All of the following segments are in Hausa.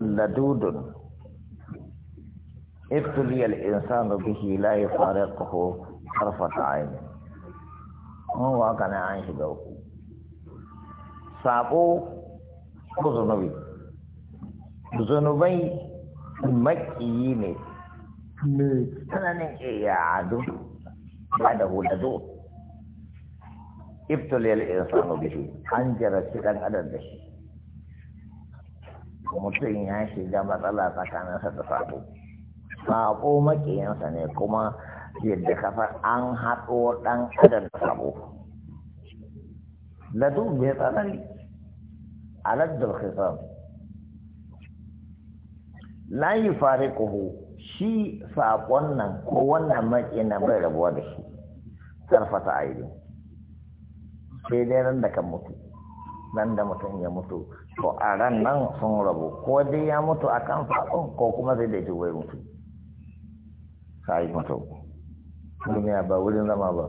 ladudun ابتلي الإنسان به لا يفارقه طرفة عين هو كان عين شبه sabo ko zunubi zunubai makiyi ne mai tsananin iya adu ba da hulado ibtuliyar insanu an jara shi dan adam mutum ya shiga matsala tsakaninsa da sabo sabo makiyansa ne kuma yadda kafar an haɗo ɗan adam da sabo ladu bai tsanani aladdar khisan na yi fari shi saƙon nan ko wannan maƙi na bai rabuwa da shi sarfata aini sai dai nan da kan mutu nan da mutum ya mutu to a ran nan sun rabu ko dai ya mutu a kan faɗin ko kuma zai daidai wai mutu sai mutu duniya ba wurin zama ba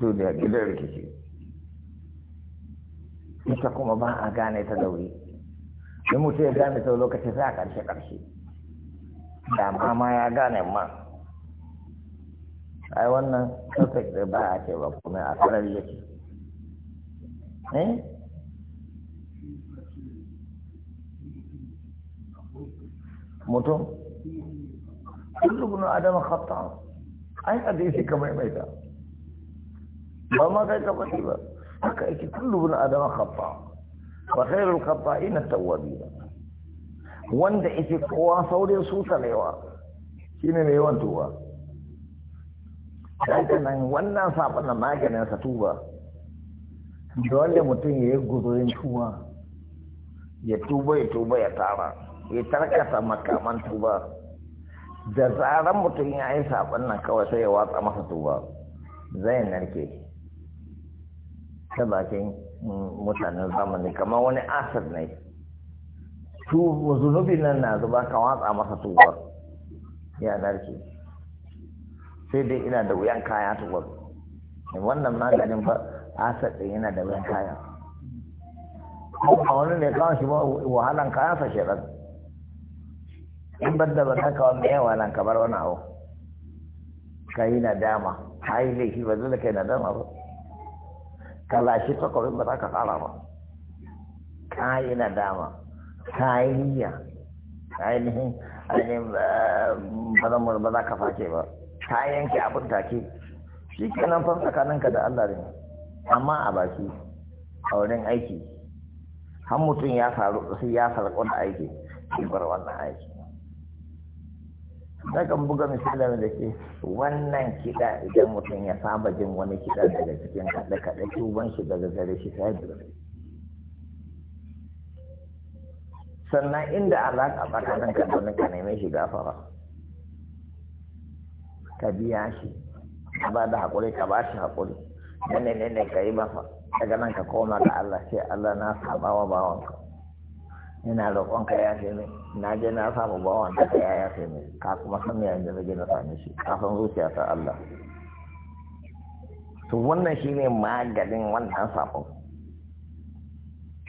duniya gidan rikici ita kuma ba a gane ta da wuri in mutu ya gane ta lokaci sai a ƙarshe ƙarshe da ma ya gane ma ai wannan sosai da ba a ce ba kuma a sarari yake eh mutum kullum bin adama khata ai hadisi kamar mai ta ba ma kai ka faɗi ba haka yake kullu bin adama khata wa khairul khata'ina tawwabin wanda yake kowa saurin su talewa shine mai yawan tuba sai nan wannan sabon na maganin sa tuba dole mutum ya yi gudurin tuba ya tuba ya tuba ya tara ya tarkata makaman tuba da zaran mutum ya yi saɓon nan kawai sai ya watsa masa tuba zai narke ta bakin mm, mutanen zamani kamar wani asir ne zunubi nan na zuba ka watsa masa tuba ya narke sai dai ina da wuyan kaya tuba wannan maganin ba asir ɗin yana da wuyan kaya a wani ne kawai shi ba wahalan kayansa ɗan in ban da haka wa mai yawa nan kamar wani abu ka yi nadama ka yi laifi ba zai kai nadama ba ka lashe takwabin ba za ka tsara ba ka yi nadama ka yi niyya ainihin ainihin eh, bazamur ba za ka face ba ka yanke abin take shi kenan fa ka da Allah ne amma a baki a wurin aiki har mutum ya faru sai ya farko da aiki shi bar wannan aiki kan buga misalin da ke wannan kiɗa idan mutum ya saba jin wani kiɗa daga cikin kaɗe-kaɗe tuban shi daga gare shi ta yi sannan inda alaƙa tsakanin ka domin ka neme shi gafara ka biya shi ka ba da haƙuri ka ba shi haƙuri ne ne ne ka yi masa daga nan ka koma ga Allah sai Allah na saba wa bawanka ina roƙon ka ya sai na je na samu bawan da ya ya sai mai ka kuma san me yanzu na na same shi ka san zuciya ta Allah to wannan shine maganin wannan sako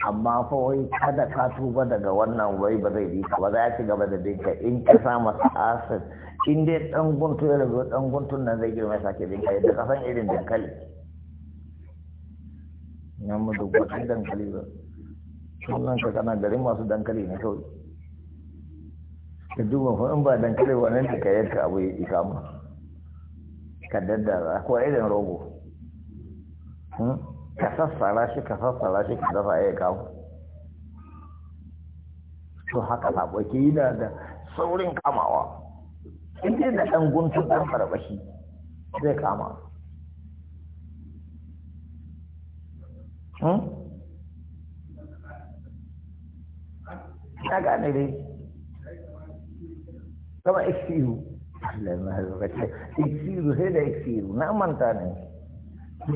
amma fa wai kada ka tuba daga wannan wai ba zai bi ba za ka gaba da dinka in ka samu asir in dai dan guntu ya rabu dan guntun nan zai girma sake dinka yadda ka san irin dankali na mu duk wata dankali ba sunan ka kana garin masu dankali ne kawai ka duba fa in ba dankali wannan nan ka yadda abu ya isa mu ka daddara ko irin rogo hmm? ka sassara shi ka sassara shi ka dafa ya kawo to haka sabo ke da saurin kamawa inda da ɗan guntun ɗan farbashi zai kama hmm? ka gane dai kama iksiru Allah ma zaka iksiru sai da iksiru na manta ne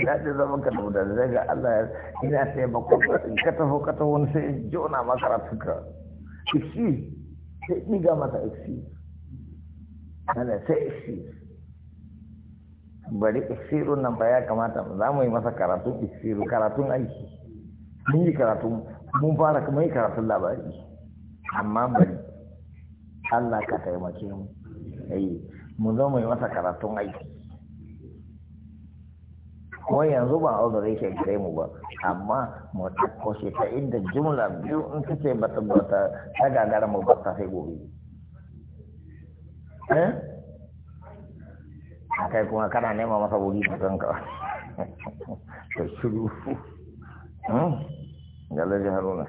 daɗin zaman ka da zai ga Allah ya ina sai ba ko ka taho ka taho sai jona makarantunka iksiru sai ɗiga masa iksiru ana sai iksiru bari iksirun nan ba ya kamata za mu yi masa karatun iksiru karatun aiki mun yi karatun mun fara kuma yi karatun labari amma bari Allah ka taimake mu eh mu zo mu yi masa karatun aiki ko yanzu ba aure yake kai mu ba amma mu ɗauko shi ta inda jumla biyu in ta ce bata bata ta gagara mu ba ta sai gobe eh kai kuma kana nema masa wuri ka kanka da shiru galajin hmm? haruna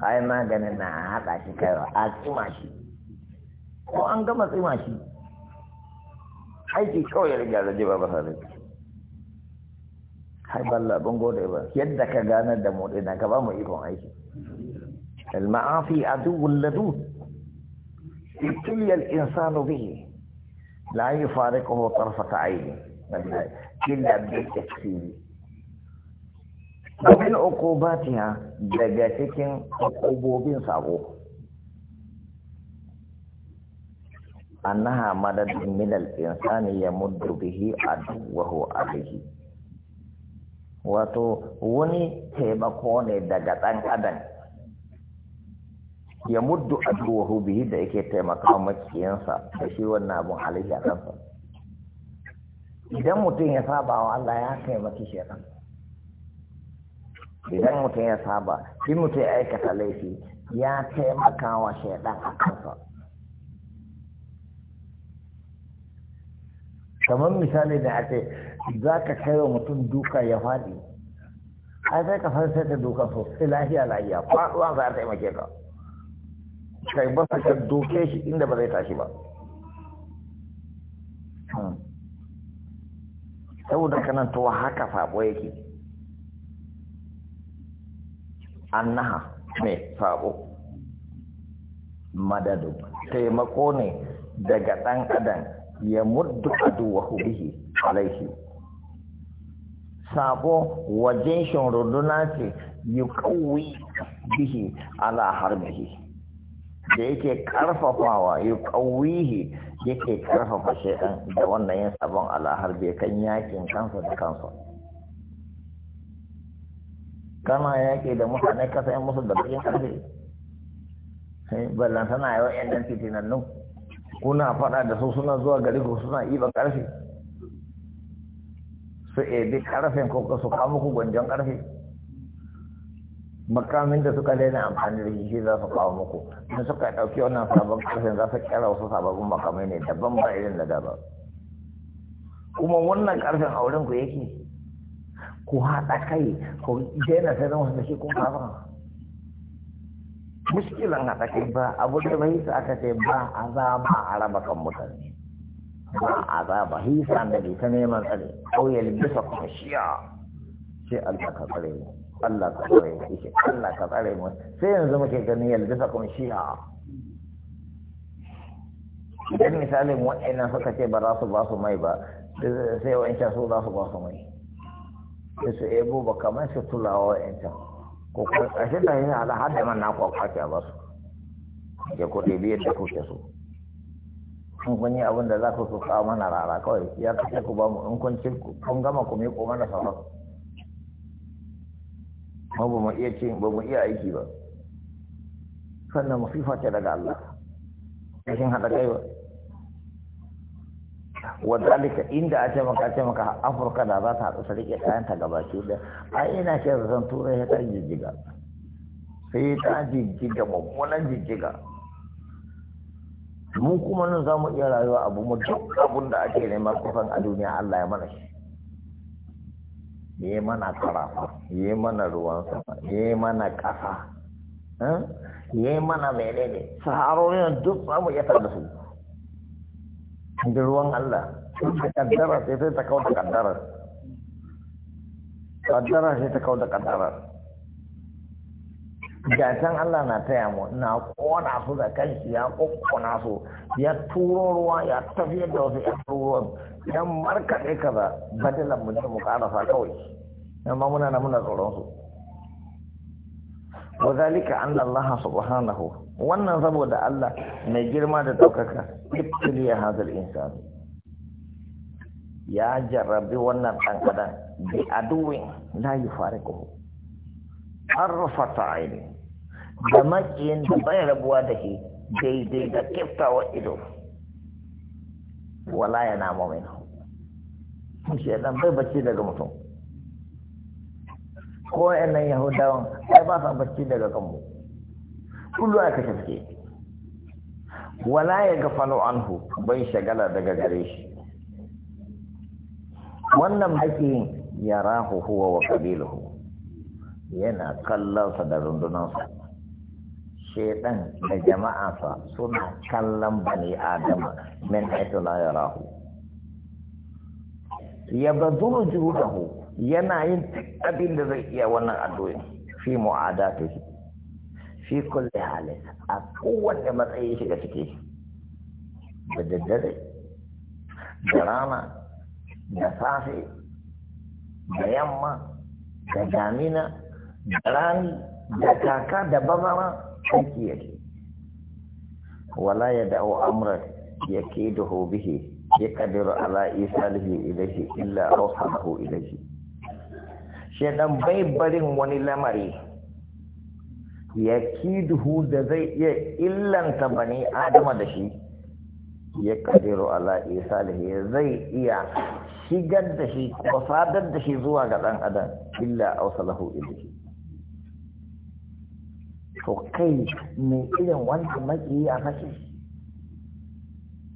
ai maganin na haɗa shi kaiwa a tsima shi ko an gama tsima shi aiki kawai ya riga zaje ba ba sa rai har balla ban gode ba yadda ka ganar da mu na ka ba mu ikon aiki al-ma'afi aduwwul ladud ibtiliya al-insanu bihi la yufariquhu tarfata ayni illa bi tafsiri Abin uku batiya daga cikin abubuwan sabo. Annaha min al insani ya bihi a duwaho Wato wani taimako ne daga ɗan adam. Ya muddu a duwaho bihi da yake taimaka makiyansa da shi wannan abin alayhi a kansa. Idan mutum ya saba wa Allah ya taimaki shi kansa. idan mutum ya saba shi mutum ya aikata laifi ya taimaka wa shaidan a kansa kamar misali da ake za ka kai wa mutum duka ya faɗi A sai ka farsa ta duka so, sai lahiya lahiya faɗuwa za a taimake ka kai ba ka doke shi inda ba zai tashi ba hmm. saboda kanan to haka sabo yake annaha ne sabo madadu taimako ne daga ɗan adam ya muddu aduwahu bihi alaihi sabo wajen shin runduna ce yi kawai bihi ala harbihi da yake karfafawa yi kawai yake karfafa shaidan da wannan yin sabon ala harbe kan yakin kansa da kansa kana ke da mutane ka sayan musu da bayan karfe sai ballan tana yawan yan dan nan kuna faɗa da su suna zuwa gari ko suna iba ƙarfe su ebi ƙarfen ko su kama ku gwanjon ƙarfe makamin da suka daina amfani da shi za su kawo muku in suka ɗauki wannan sabon ƙarfen za su kera wasu sababbin makamai ne daban ba irin da daban kuma wannan ƙarfen auren ku yake ku haɗa kai ku dena sai zama da shi kun fara muskilan haɗa kai ba abu da bai sa aka ce ba azaba a raba kan mutane ba azaba hisa da bai ta neman tsare ƙauyar bisa kuma shiya sai Allah ka tsare mu Allah ka tsare mu ishe Allah ka tsare mu sai yanzu muke ganin yalbisa kuma shiya idan misalin wa'annan suka ce ba za su ba su mai ba sai wa'ancan su za su ba su mai sai su ebo eh, ba kamar su tulawa yanta ko kuma ƙarshen da yin ala har da man na kwakwace a su ya ku ɗebi yadda kuke so in kun yi abin da za ku so kawo mana rara kawai ya kashe ku ba mu in kun ci kun gama ku koma mana sauran ma ba mu iya ci ba mu iya aiki ba sannan musifa ce daga Allah rashin haɗa kai ba wadalika inda a ce maka a ce maka afirka da za ta haɗu su riƙe kayanta gabaki da A ina ce zan tura ya ta jijjiga sai ta jijjiga mummunan jijjiga mu kuma nan za mu iya rayuwa abu mu duk abun da ake nema kusan a duniya Allah ya mana shi ya mana karafa ya mana ruwan sama ya mana ƙasa hmm? ya mana menene saharorin duk za mu iya tarda su da ruwan Allah ta kaddara sai sai ta kawo da kaddara kaddara sai ta kawo da kaddara Allah na taya mu na kona su da kanshi ya kokkona su ya turo ruwa ya tafiyar da wasu yan ruwan yan markaɗe kaza badalan mu ne mu ƙarasa kawai amma muna na muna tsoron su wa zalika anna Allah subhanahu wannan saboda Allah mai girma da daukaka ya hadal insan ya jarrabi wannan dan adam bi aduwin la yufariquhu arfata aini da makiyin da bai rabuwa da shi daidai da kiftawa ido wala yana mamin shi dan bai bacci daga mutum ko nan yahudawan ai ba sa bacci daga kanmu kullu aka shafke wala ya gafalo anhu bai shagala daga gare shi wannan haƙi ya rahu huwa wa ƙabiluhu yana kallonsa da rundunansa shaidan da jama'ansa suna kallon bani adama min haitu la ya rahu ya bazuru hu yana yin abin da zai iya wannan addu'in fi mu'adatihi fi kulli hali. a kowanne matsayi shiga ciki da daddare da rana da safe da yamma da damina da rani da kaka da bazara aiki yake wala ya da'u amran yakiduhu ala'isa yaqdiru ala isalihi shi, illa a awsahu shi. shaidan bai barin wani lamari ya kiduhu da zai iya illanta bani adama da shi ya kadiru ala ya zai iya shigar da shi ko sadar da shi zuwa ga dan adam illa ausalahu ilayhi to kai mai irin wanda maki a kashe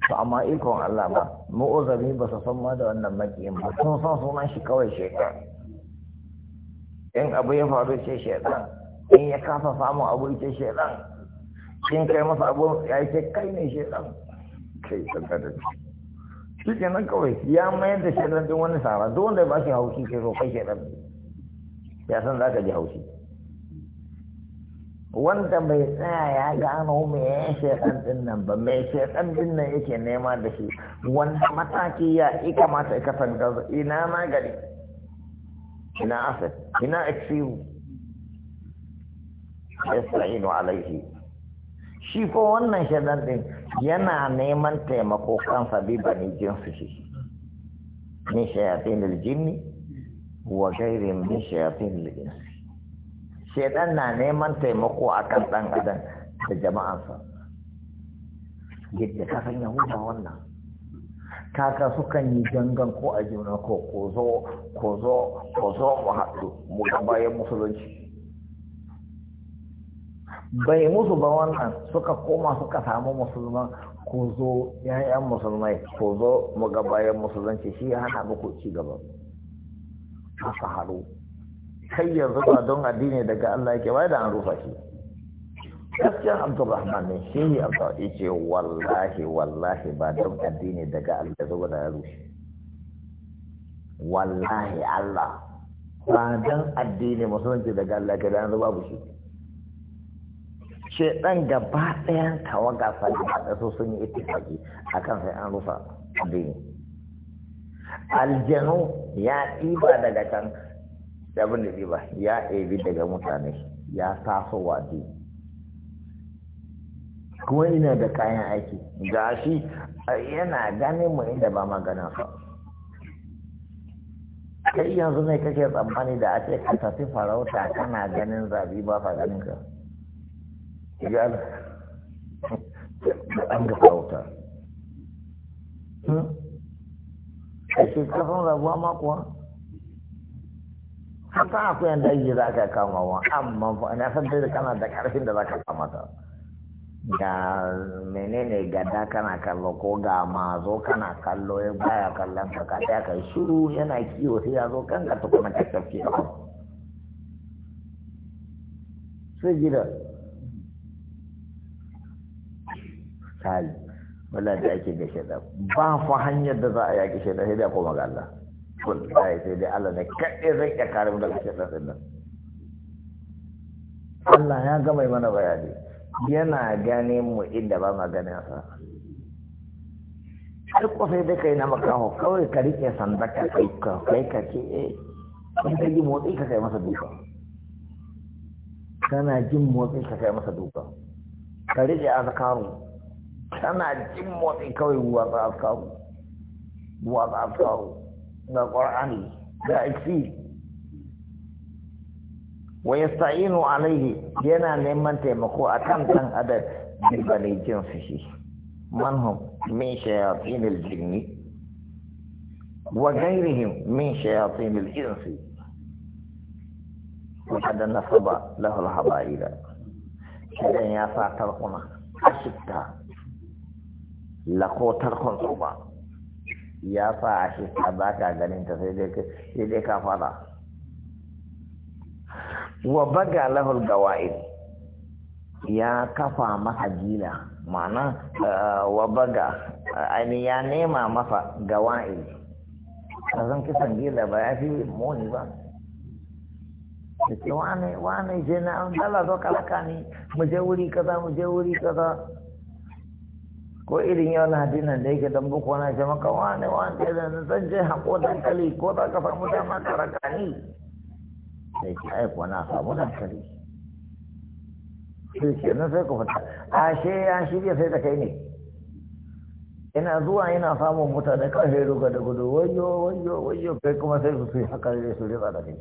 to amma ikon Allah ba mu'uzami ba su san ma da wannan makiyin ba sun san sunan shi kawai shekara in abu ya faru ce shaidan in ya kafa famu abu ce shaidan in kai masa abu ya ce kai ne shaidan kai tsaka da ce shi ke nan kawai ya mayar da shaidan din wani sara duk wanda ba shi haushi ke zo kai shaidan ya san za ka ji haushi wanda bai tsaya ya gano me ya shaidan din nan ba mai shaidan din nan yake nema da shi wanda mataki ya ika mata ka san ina magani ina asad ina eksiyu yasta'inu alaihi shi ko wannan shaidan din yana neman taimako kansa bi bani jinsu shi min shayatin aljinni wa gairin min shayatin alinsi shaidan na neman taimako akan ɗan adam da jama'ansa yadda kasan yahuda wannan kaka sukan yi gangan ko a juna ko kozo kozo kozo mu haɗu mu ga bayan musulunci bai musu ba wannan suka koma suka samu musulman kozo yayan musulmai kozo mu ga bayan musulunci shi ya hana muku ci gaba haka haɗu kai yanzu ba don addini daga Allah yake bai da an rufa shi gaskiyar abdurrahman ne shi ne abdurrahman ya ce wallahi wallahi ba don addini daga allah zuwa da rushe wallahi allah ba don addini musulunci daga allah ga dan zuwa ce ɗan gaba ɗayan tawaga fadi da su sun yi ittifaki akan sai an rufa addini aljanu ya ɗiba daga can da abin da ɗiba ya ɗebi daga mutane ya tasowa addini kuma ina da kayan aiki ga shi yana ganin mu inda ba maganin sa kai yanzu ne kake tsammani da ake ka tafi farauta kana ganin zabi ba fa ganin ka da an ga farauta a ce hmm? kafin rabuwa ma kuwa haka akwai yadda yi za ka kama wa amma na san dai kana da karfin da za ka kama ta ga menene gada kana kallo ko ga mazo kana kallo ya baya kallon ka ka ta kai shiru yana kiwo sai ya zo kanka ta kuma ta tafi a sai gida sai wala da ake ga shaida ba fa hanyar da za a yaki shaida sai da koma ga Allah wallahi sai dai Allah ne kaɗai zai iya kare mu daga shaida din Allah ya gama mana bayani yana gane mu inda ba ma gane sa har kofai da kai na makaho kawai ka rike sanda ka kai ka kai ka ce eh in ka ji motsi ka kai masa duka kana jin motsi ka kai masa duka ka rike azkaru kana jin motsi kawai wa azkaru wa azkaru ga qur'ani ga iksi wa yasta'inu alaihi yana neman taimako akan dan adam bibali Man manhum min shayatin aljinni wa ghayrihim min shayatin alinsi insi nasaba lahu alhabaila habaila ya sa tarkuna ashita lako tarkon tsoba ya sa ashita ka ganin ta sai dai sai dai ka fara wa baga lahul gawa'id ya kafa masa gila ma'ana eh, wa baga eh, ainihin ya nema masa gawa'id a zan kisan gila ba ya fi muni ba da wane wane je na an dala zo kalaka ne mu je wuri kaza mu je wuri kaza ko irin yau lahadin nan da yake dan boko na ce maka wane wane zan je hako dankali ko za ka samu dama ka raka ni sai ki aiko na samu dankali shi ke nan sai ku fita ashe ya shirya sai da kai ne ina zuwa ina samun mutane kan sai ga da gudu wayo wayo wayo kai kuma sai su yi haka ne su ritsa da kai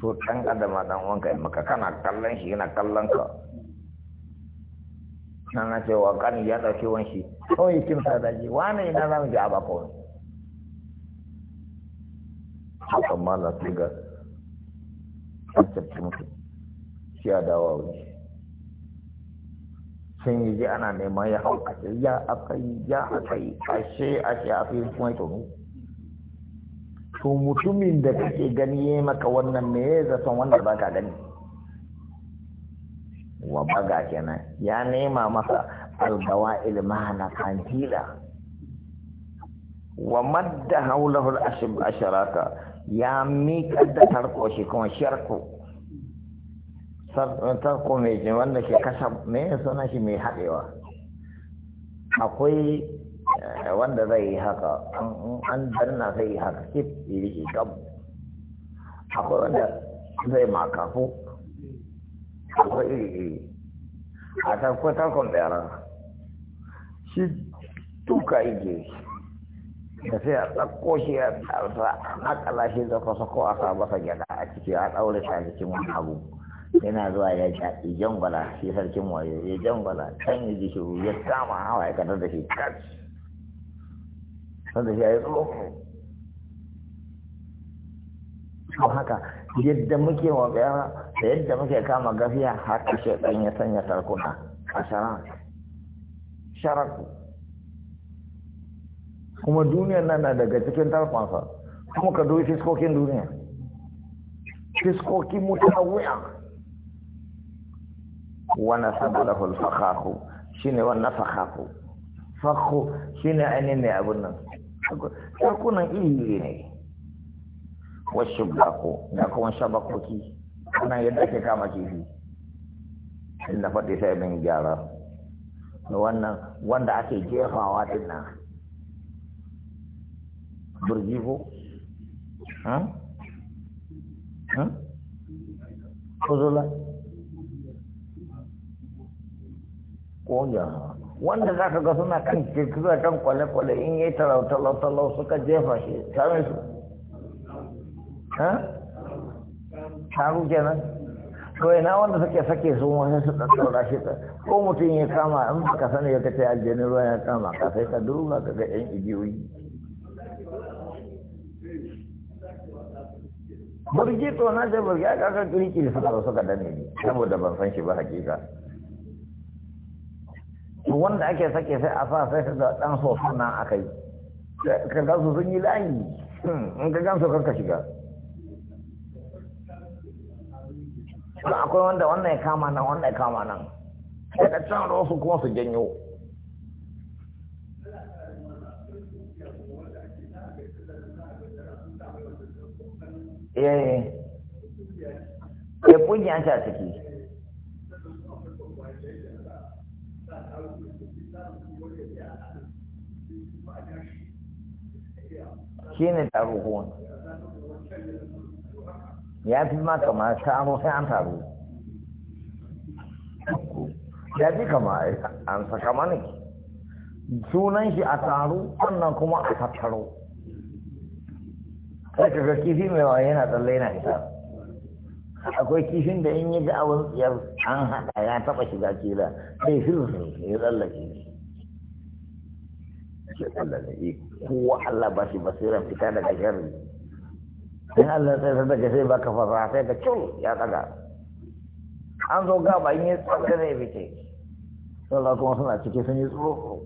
to dan adama dan wanka in maka kana kallon shi yana kallon ka nan na cewa kan ya dauke wan shi kawai kimsa da ji wani ina zamu ji a bako haka mala sai ga tsabtace mutum shi a dawa wuri sun yi ji ana nema ya hau ce, ya akai ya akai ashe ashe a fi kuma ne to mutumin da kake gani ya maka wannan me ya zaton wanda ba ka gani wa baga kenan ya nema masa albawa ilmana kantila wa madda haulahu asharata ya miƙar da tarko shi kuma sharko tarko mai jin wanda ke kasa mai suna shi mai haɗewa akwai eh, wanda zai yi haka an danna zai yi haka kif iri gab akwai wanda zai makafu akwai iri iri a tarko tarkon ɗaya shi tuka igiyar shi da sai a tsakko shi a tsarsa a makala shi da ko a sa masa gyada a ciki a ɗaure shi a cikin wani abu yana zuwa ya shaɗi jangwala shi sarkin wayo ya jangwala can yi ji shiru ya kama hawa ya kadar da shi kac sanda shi ya yi tsoro haka yadda muke wa yara da yadda muke kama gafiya haka shi ya sanya sarkuna a sharar sharaku kuma duniyar nan na daga cikin tarfansa kuma ka dubi fiskokin duniya fiskokin wuya wani sabalahul fakahu shi ne wannan fakahu fakhu shi ne ainihin mai abin nan sarkunan iri ne wasu bako da kuma shabakoki wannan yadda ake kama kifi inda faɗi sai min gyara wannan wanda ake jefawa din nan burji ko ha ha kuzola ko ya wanda za ka ga suna kan kirkiza kan kwale-kwale in yi talau-talau suka jefa shi same su ha taru kenan to ina wanda suke sake su wani su ɗaɗɗaura shi ta ko mutum ya kama in baka sani ya kace aljani ruwa ya kama ka sai ka duba ka ga yan igiyoyi burge to na ce burge aka kan kirki suka zo suka danne ni saboda ban san shi ba hakika wanda ake sake sai a sa sai da dan so nan akai ka ga su sun yi layi in ka gan su kanka shiga akwai wanda wannan ya kama nan wannan ya kama nan da can ruwa su kuma su janyo eh, eh ya an ta ciki shi ne taro kuma ya fi ma kama taro sai an taro ya fi kama an saka mana sunan shi a taro wannan kuma a tattaro sai ka ga kifi mai waye yana tsalle yana isa akwai kifin da in yi ga abin tsiyar an haɗa ya taɓa shiga kila sai su ne ya tsallake shi sai Allah da yi kowa Allah ba shi basiran fita daga sharri sai Allah sai sai daga sai baka fara sai ka cul ya tsaga an zo gaba in yi tsaga ne fice sallah kuma suna cike sun yi tsoro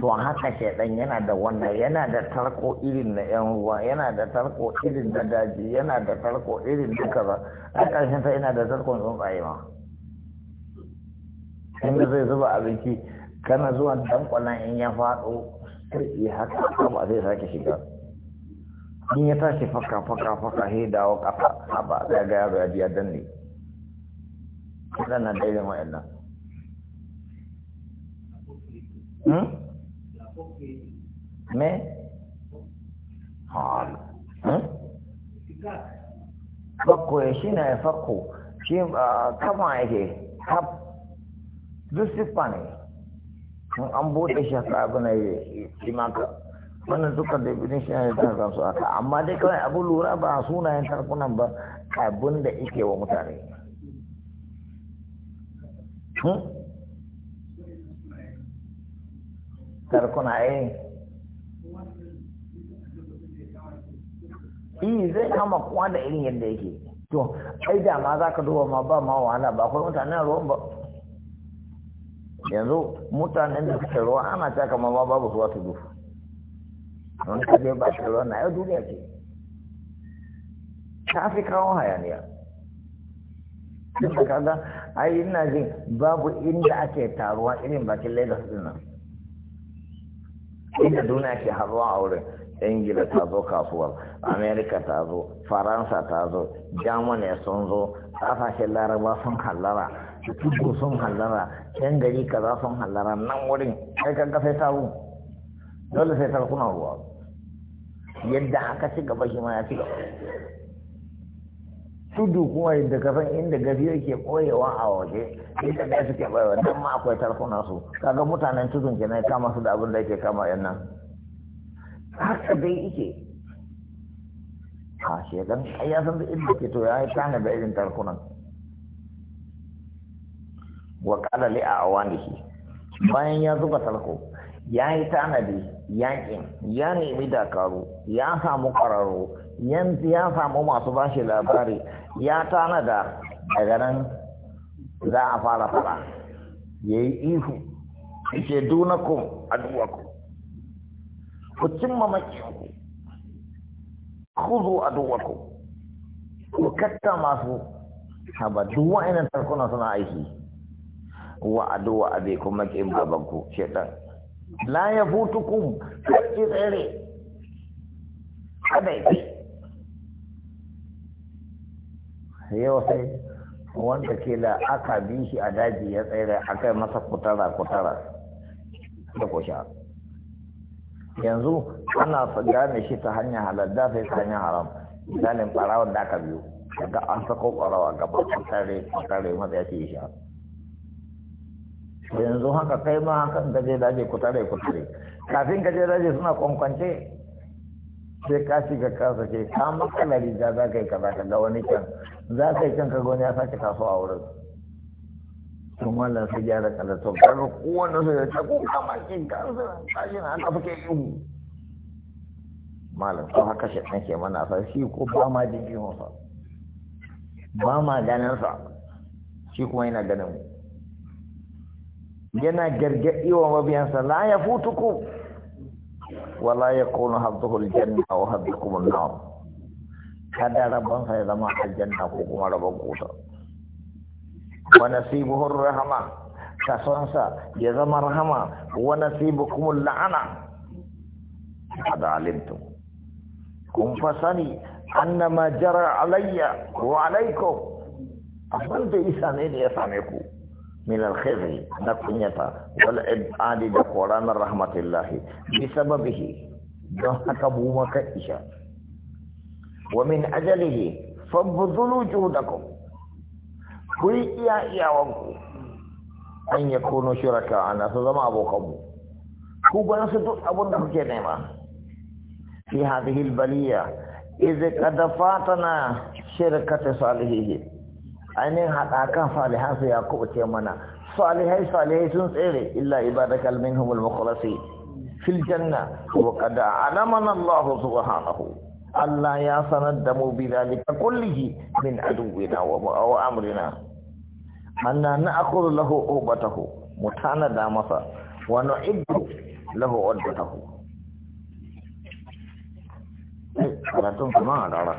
to haka shaidan yana da wannan yana da tarko irin na yan ruwa yana da tarko irin na daji yana da tarko irin na kaza a ƙarshen sa yana da tarkon tsuntsaye ma inda zai zuba abinci kana zuwa dankwalan in ya faɗo sai yi haka ba zai sake shiga in ya tashi faka faka faka he dawo kafa a ba zai ga yaro ya biya danne waɗannan ɗaya da wa'annan hmm? me hal hmm? fakko shi ne fakko shi kama yake kaf duk siffa ne an bude shi haka abu na yi maka wannan duka da ibinin shi ne da su haka amma dai kawai abu lura ba sunayen tarkunan ba abun da ike wa mutane hmm? tarkuna eh eh zai kama kowa da irin yadda yake to ai da ma za ka duba ma ba ma wahala ba akwai mutanen ruwan ba yanzu mutanen da suke ruwa ana ta kama ma babu zuwa su dufu wani kaje ba shi ruwan na yau duniya ce ta fi kawo hayaniya kaga ai ina jin babu inda ake taruwa irin bakin lagos din nan inda duniya ke haruwa a wurin ingila ta zo kasuwar amerika ta zo faransa ta zo germany sun zo kasashen laraba sun hallara tudu sun hallara yan gari kaza sun hallara nan wurin kai kan sai sabu dole sai sarkuna ruwa yadda aka ci gaba shi ma ya ci gaba tudu kuma yadda kafin inda gari yake koyewa a waje inda ne suke ɓoyewa don ma akwai tarfuna su kaga mutanen tudun kenan kama su da abin da yake kama yan nan haka dai ike a shekan ya san da inda ke to ya yi tana da irin tarkunan wa kala li a shi bayan ya zuba tarko ya yi tanadi yakin ya nemi dakaru ya samu ƙwararru yanzu ya samu masu bashi labari ya tanada daga nan za a fara fara ya yi ihu ke dunakun addu’aku ku cimma makinku zo addu’aku ku katta masu haba duk ina tarkuna suna aiki wa aduwa abe kuma makin babanku ɗan la ya futukum ƙarfi tsere kada ya yau sai wanda ke da aka bi shi a daji ya tsere a kai masa kutara kutara da kusha yanzu ana gane shi ta hanyar haladda sai ta hanyar haram misalin barawar da aka biyu daga an sako barawa gaba kutare kutare maza ya ce sha yanzu haka kai ma hakan je daji kutare kutare kafin ka je daji suna kwankwance sai ka shiga kasa ce ka maka riga za ka yi kaza ka ga wani can za ka yi ka gani ya sake taso a wurin tun wallan su gyara kalatar kaga kowanne su ya tago kamakin kansu na haka fuke ihu malam ko haka shi ɗan ke mana fa shi ko ba ma jin fa? ba ma ganinsa shi kuma yana ganin mu yana gargaɗi wa mabiyansa la ya futuku wala ya kunu hadduhul janna wa haddukum an-nar kada rabonsa ya zama aljanna ko kuma rabon kusa. wa nasibuhur rahama kasonsa ya zama rahama wa nasibukum la'ana da alimtum kun fa sani annama jara alayya wa alaikum abin da isa ne ya same ku min alkhairi na kunyata wal ibadi da koranar rahmatillahi bi sababihi don haka bu maka isha ومن أجله فابذلوا جهدكم كل إيا إيا وانكو أن يكونوا شركاء أنا سلم أبوكم كوبا نسدو أبونا كنما في هذه البلية إذ قد فاتنا شركة صالحيه ainihin haɗakan salihan su ya kubuce mana salihai salihai sun tsere illa ibadakal minhumul mukhlasi fil janna wa qad alamana subhanahu Allah ya sanar da mu bi zalika kullihi min aduwina wa amrina anna na'khudhu lahu ubatahu mutana da masa wa nu'iddu lahu ubatahu eh, karatun kuma a rara